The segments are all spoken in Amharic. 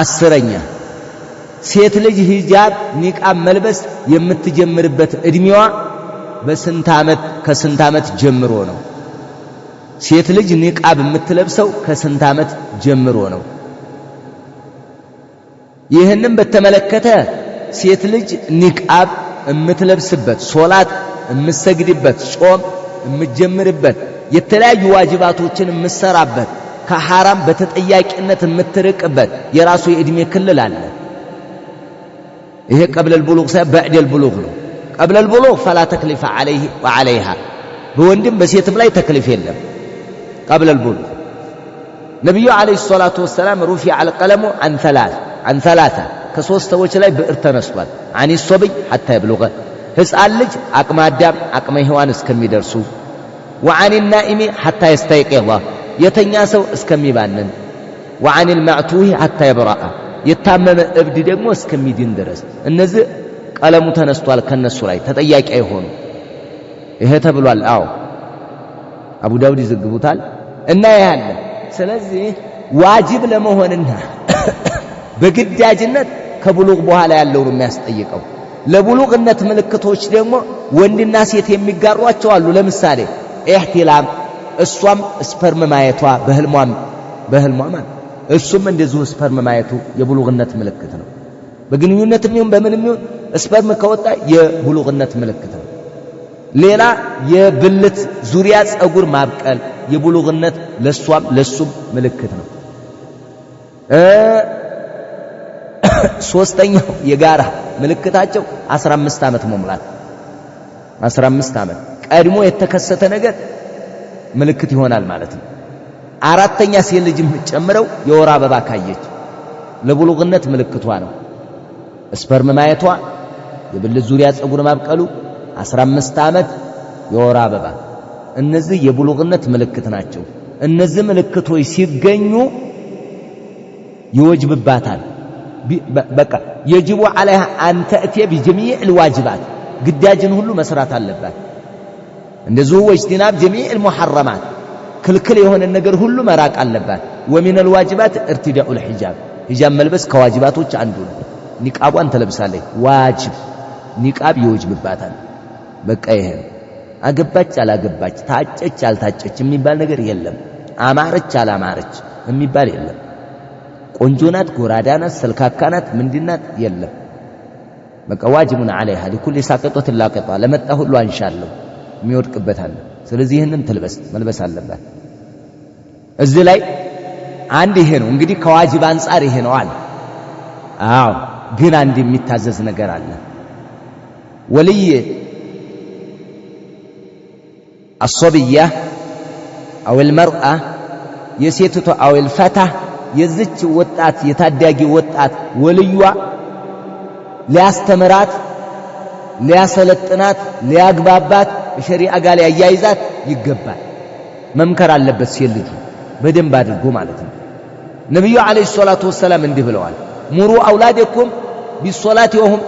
አስረኛ ሴት ልጅ ሂጃብ ኒቃብ መልበስ የምትጀምርበት እድሜዋ በስንት ዓመት ከስንት ዓመት ጀምሮ ነው? ሴት ልጅ ኒቃብ የምትለብሰው ከስንት ዓመት ጀምሮ ነው? ይህንም በተመለከተ ሴት ልጅ ኒቃብ የምትለብስበት ሶላት የምትሰግድበት ጾም የምትጀምርበት የተለያዩ ዋጅባቶችን የምትሰራበት ከሐራም በተጠያቂነት የምትርቅበት የራሱ የዕድሜ ክልል አለ። ይሄ ቀብለል ቡሉግ ሳይሆን በዕደል ቡሉግ ነው። ቀብለል ቡሉግ ፈላ ተክሊፈ ዓለይሃ በወንድም በሴትም ላይ ተክሊፍ የለም። ቀብለል ቡሉግ ነቢዩ ዓለይሂ ሰላቱ ወሰላም ሩፊዐል ቀለሙ አን ሰላሳ ከሦስት ሰዎች ላይ ብዕር ተነስቷል። አኒ ሶብይ ሐታ የብሉገ ሕፃን ልጅ አቅመ አዳም አቅመ ሔዋን እስከሚደርሱ ወአኒ ናኢሚ ሐታ የስተይቂظ የተኛ ሰው እስከሚባንን ወአኒል ማዕቱህ ሐታ የብረአ የታመመ እብድ ደግሞ እስከሚድን ድረስ እነዚህ ቀለሙ ተነስቷል። ከነሱ ላይ ተጠያቂ አይሆኑ ይሄ ተብሏል። አዎ አቡ ዳውድ ይዘግቡታል እና ያለ ስለዚህ ዋጅብ ለመሆንና በግዳጅነት ከብሉግ በኋላ ያለው ነው የሚያስጠይቀው። ለብሉግነት ምልክቶች ደግሞ ወንድና ሴት የሚጋሯቸው አሉ። ለምሳሌ ኢህቲላም እሷም ስፐርም ማየቷ በህልሟም በህልሟ ማለት እሱም እንደዚሁ ስፐርም ማየቱ የብሉግነት ምልክት ነው። በግንኙነትም ይሁን በምንም ይሁን ስፐርም ከወጣ የብሉግነት ምልክት ነው። ሌላ የብልት ዙሪያ ፀጉር ማብቀል የብሉግነት ለሷም ለሱም ምልክት ነው። ሶስተኛው የጋራ ምልክታቸው 15 ዓመት መሙላት 15 ዓመት ቀድሞ የተከሰተ ነገር ምልክት ይሆናል ማለት ነው። አራተኛ ሴት ልጅም ጨምረው የወር አበባ ካየች ለብሉግነት ምልክቷ ነው። ስፐርም ማየቷ፣ የብልት ዙሪያ ፀጉር ማብቀሉ፣ 15 ዓመት የወር አበባ እነዚህ የብሉግነት ምልክት ናቸው። እነዚህ ምልክቶች ሲገኙ ይወጅብባታል። በቃ የጅቡ ዓለይሃ አንተእቴ ቢጀሚዕ ልዋጅባት ግዳጅን ሁሉ መስራት አለባት። እንደዚሁ ወጅቲናብ ጀሚዕል ሙሐረማት ክልክል የሆነ ነገር ሁሉ መራቅ አለባት። ወሚነል ዋጅባት እርቲዳኡል ሒጃብ ሂጃብ መልበስ ከዋጅባቶች አንዱ ነው። ኒቃቧን ተለብሳለች፣ ዋጅብ ኒቃብ ይወጅብባታል። በቃ ይሄ አገባች አላገባች፣ ታጨች አልታጨች የሚባል ነገር የለም። አማረች አላማረች የሚባል የለም። ቆንጆ ናት ጎራዳናት፣ ሰልካካናት፣ ምንድናት የለም። በቃ ዋጅቡን ዓለይሃ ሊኩል ሳቅጦትን ላቅጧ ለመጣ ሁሉ አንሻለሁ የሚወድቅበታል። ስለዚህ ይህንን ትልበስ መልበስ አለባት እዚህ ላይ አንድ ይሄ ነው እንግዲህ ከዋጅብ አንጻር ይሄ ነው አለ። አዎ ግን አንድ የሚታዘዝ ነገር አለ። ወልይ አሶብያ አወል መርአ የሴትቷ አወል ፈታ የዝች ወጣት የታዳጊ ወጣት ወልዩዋ ሊያስተምራት ሊያሰለጥናት ሊያግባባት ሸሪዓ ጋር ላይ አያይዛት ይገባል። መምከር አለበት ሴት ልጁ በደንብ አድርጎ ማለት ነው። ነቢዩ ዓለይሂ ሰላቱ ወሰላም እንዲህ ብለዋል፣ ሙሩ አውላደኩም ቢሶላት ወሁም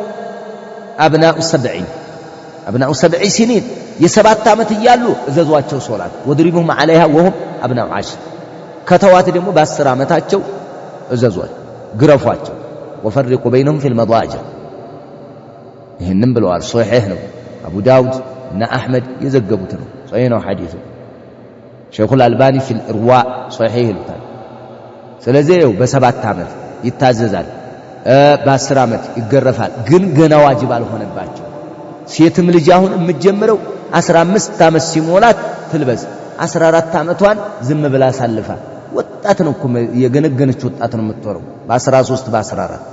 አብናኡ ሰብዒን አብናኡ ሰብዒ ሲኒን የሰባት ዓመት እያሉ እዘዟቸው ሶላት። ወድሪቡሁም ዓለይሃ ወሁም አብናኡ ዓሽር ከተዋት ደግሞ በአስር ዓመታቸው እዘዟቸው፣ ግረፏቸው። ወፈሪቁ በይነሁም ፊል መዳጅዕ ይህንም ብለዋል። ሶሒሕ ነው አቡ ዳውድ እና አሕመድ የዘገቡት ነው። ሶሒህ ነው ሐዲሱ። ሸይኹል አልባኒ ፊል እርዋ ሶሒህ ይሉታል። ስለዚህ ይኸው በሰባት ዓመት ይታዘዛል፣ በአስር ዓመት ይገረፋል። ግን ገና ዋጅብ አልሆነባቸው። ሴትም ልጅ አሁን የምትጀምረው አስራ አምስት ዓመት ሲሞላት ትልበስ። አስራ አራት ዓመቷን ዝም ብላ አሳልፋ ወጣት ነው እኮ የገነገነች ወጣት ነው የምትወረው። በ13 በ14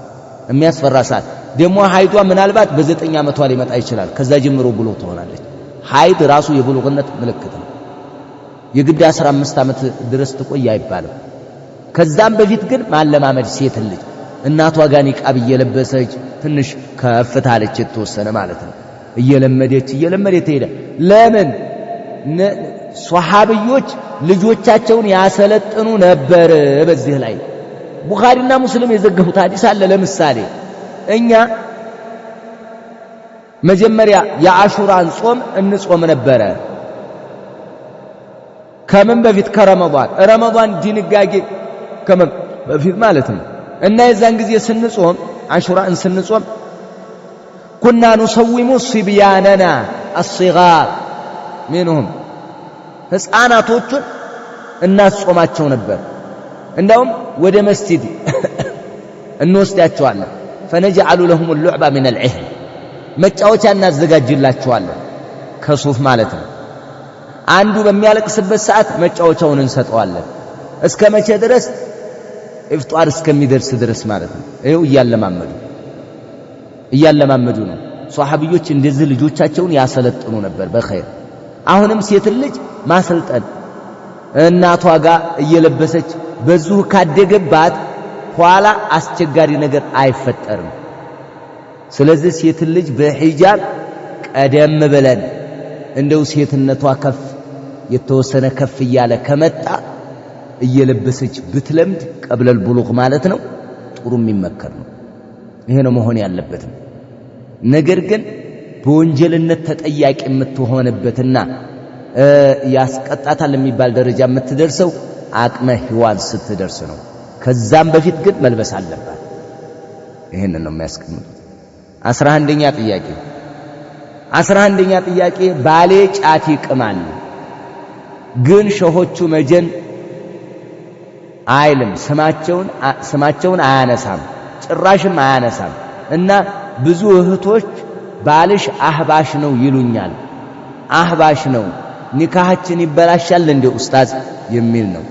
የሚያስፈራ ሰዓት ደግሞ ሀይዷ ምናልባት በዘጠኝ ዓመቷ ሊመጣ ይችላል። ከዛ ጀምሮ ብሎ ትሆናለች። ሀይድ ራሱ የብሉግነት ምልክት ነው። የግድ 15 ዓመት ድረስ ትቆይ አይባልም። ከዛም በፊት ግን ማለማመድ ሴት ልጅ እናቷ ጋር ኒቃብ እየለበሰች ትንሽ ከፍታለች የተወሰነ ማለት ነው። እየለመደች እየለመደች ትሄዳ። ለምን ሶሐብዮች ልጆቻቸውን ያሰለጥኑ ነበር። በዚህ ላይ ቡኻሪና ሙስሊም የዘገቡት ሐዲስ አለ። ለምሳሌ እኛ مجمريا يا عاشوران صوم ان صوم نبرا كمن بفيت كرمضان رمضان دين الجاجي كمن بفيت مالتهم ان اذا انجز يسن صوم عاشوراء سن صوم كنا نصوم صبياننا الصغار منهم بس انا توت الناس صومات شو نبر عندهم ودمستيدي النوس تاتشوالا فنجعل لهم اللعبه من العهل መጫወቻ እናዘጋጅላቸዋለን ከሱፍ ማለት ነው። አንዱ በሚያለቅስበት ሰዓት መጫወቻውን እንሰጠዋለን። እስከ መቼ ድረስ? እፍጧር እስከሚደርስ ድረስ ማለት ነው። ይኸው እያለማመዱ እያለማመዱ ነው። ሷሐቢዎች እንደዚህ ልጆቻቸውን ያሰለጥኑ ነበር በኸይር። አሁንም ሴትን ልጅ ማሰልጠን እናቷ ጋር እየለበሰች በዚሁ ካደገባት ኋላ አስቸጋሪ ነገር አይፈጠርም። ስለዚህ ሴትን ልጅ በሂጃብ ቀደም ብለን እንደው ሴትነቷ ከፍ የተወሰነ ከፍ እያለ ከመጣ እየለበሰች ብትለምድ ቀብለል ቡሉግ ማለት ነው፣ ጥሩ የሚመከር ነው። ይሄ ነው መሆን ያለበትም። ነገር ግን በወንጀልነት ተጠያቂ የምትሆንበትና ያስቀጣታል የሚባል ደረጃ የምትደርሰው አቅመ ሔዋን ስትደርስ ነው። ከዛም በፊት ግን መልበስ አለባት። ይህንን ነው የሚያስቀምጡት። አስራ አንደኛ ጥያቄ አስራ አንደኛ ጥያቄ ባሌ ጫት ይቅማል፣ ግን ሸሆቹ መጀን አይልም፣ ስማቸውን አያነሳም፣ ጭራሽም አያነሳም እና ብዙ እህቶች ባልሽ አህባሽ ነው ይሉኛል። አህባሽ ነው ኒካሃችን ይበላሻል እንደ ኡስታዝ የሚል ነው።